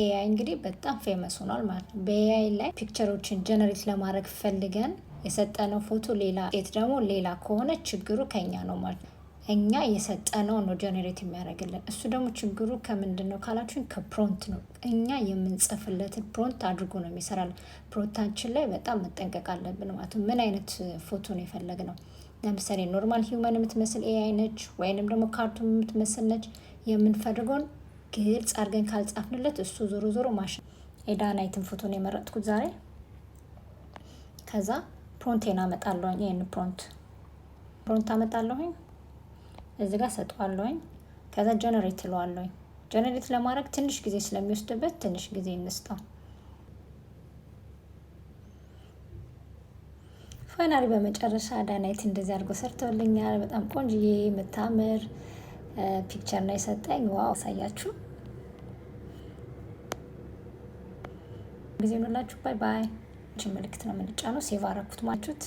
ኤአይ እንግዲህ በጣም ፌመስ ሆኗል ማለት ነው። በኤአይ ላይ ፒክቸሮችን ጀነሬት ለማድረግ ፈልገን የሰጠነው ፎቶ ሌላ ሴት ደግሞ ሌላ ከሆነ ችግሩ ከኛ ነው ማለት ነው። እኛ የሰጠነው ነው ጀነሬት የሚያደርግልን። እሱ ደግሞ ችግሩ ከምንድን ነው ካላችሁን፣ ከፕሮንት ነው። እኛ የምንጽፍለትን ፕሮንት አድርጎ ነው የሚሰራል። ፕሮንታችን ላይ በጣም መጠንቀቅ አለብን ማለት ነው። ምን አይነት ፎቶ ነው የፈለግነው? ለምሳሌ ኖርማል ሂውመን የምትመስል ኤአይ ነች፣ ወይንም ደግሞ ካርቱን የምትመስል ነች። የምንፈልገውን ግልጽ አድርገን ካልጻፍንለት እሱ ዞሮ ዞሮ ማሽን የዳናይትን ፎቶን የመረጥኩት ዛሬ። ከዛ ፕሮንቴን አመጣለሁኝ። ይህን ፕሮንት ፕሮንት አመጣለሁኝ እዚ ጋር ሰጠዋለሁኝ። ከዛ ጀነሬት እለዋለሁኝ። ጀነሬት ለማድረግ ትንሽ ጊዜ ስለሚወስድበት ትንሽ ጊዜ እንስጠው። ፋይናሊ በመጨረሻ ዳናይት እንደዚህ አድርጎ ሰርተውልኛል። በጣም ቆንጅዬ የምታምር ፒክቸር ነው የሰጠኝ። ዋው አሳያችሁ ጊዜ ሆኖላችሁ። ባይ ባይ። ምልክት ነው የምንጫነው። ሴቭ አረኩት ማችሁት